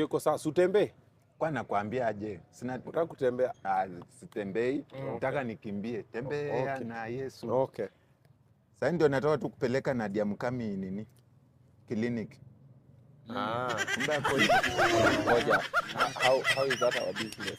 Yuko sasa utembee. Kwa nakwambia aje? Sina nataka kutembea. Ah, sitembei. Mm, nataka okay. Nikimbie. Tembea okay. Na Yesu. Okay. Sasa ndio natoka tu kupeleka Nadia Mukami nini? Kliniki. Ah, kumbe hapo. Ngoja. How how is that our business?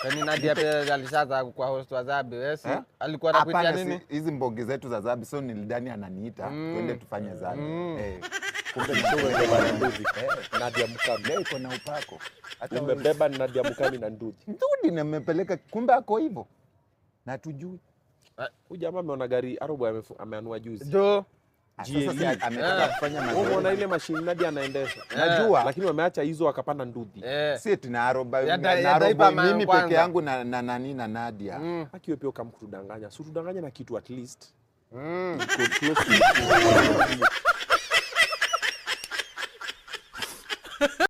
Kwani Nadia pia alishaanza kwa host wa Zabi wesi. Eh? Alikuwa anakuitia nini? Hizi mbogi zetu za Zabi so nilidani ananiita mm. twende tufanye Zabi. Mm. Eh. Kumbe ndio nduji. Eh. Nadia Mukami leo iko na upako. Nimebeba Nadia Mukami na nduji. Nduji na nimepeleka kumbe ako hivyo. Na tujui. Eh, huyu jamaa ameona gari arobo ameanua juzi. Ndio. Ah, eh. umeona ile mashini nadi anaendesha eh. najua, lakini wameacha hizo wakapanda ndudhi. Eh. Si tunaroba mimi peke yangu na nani na Nadia mm. akiwe pia kamkutudanganya si tudanganya na kitu at least mm.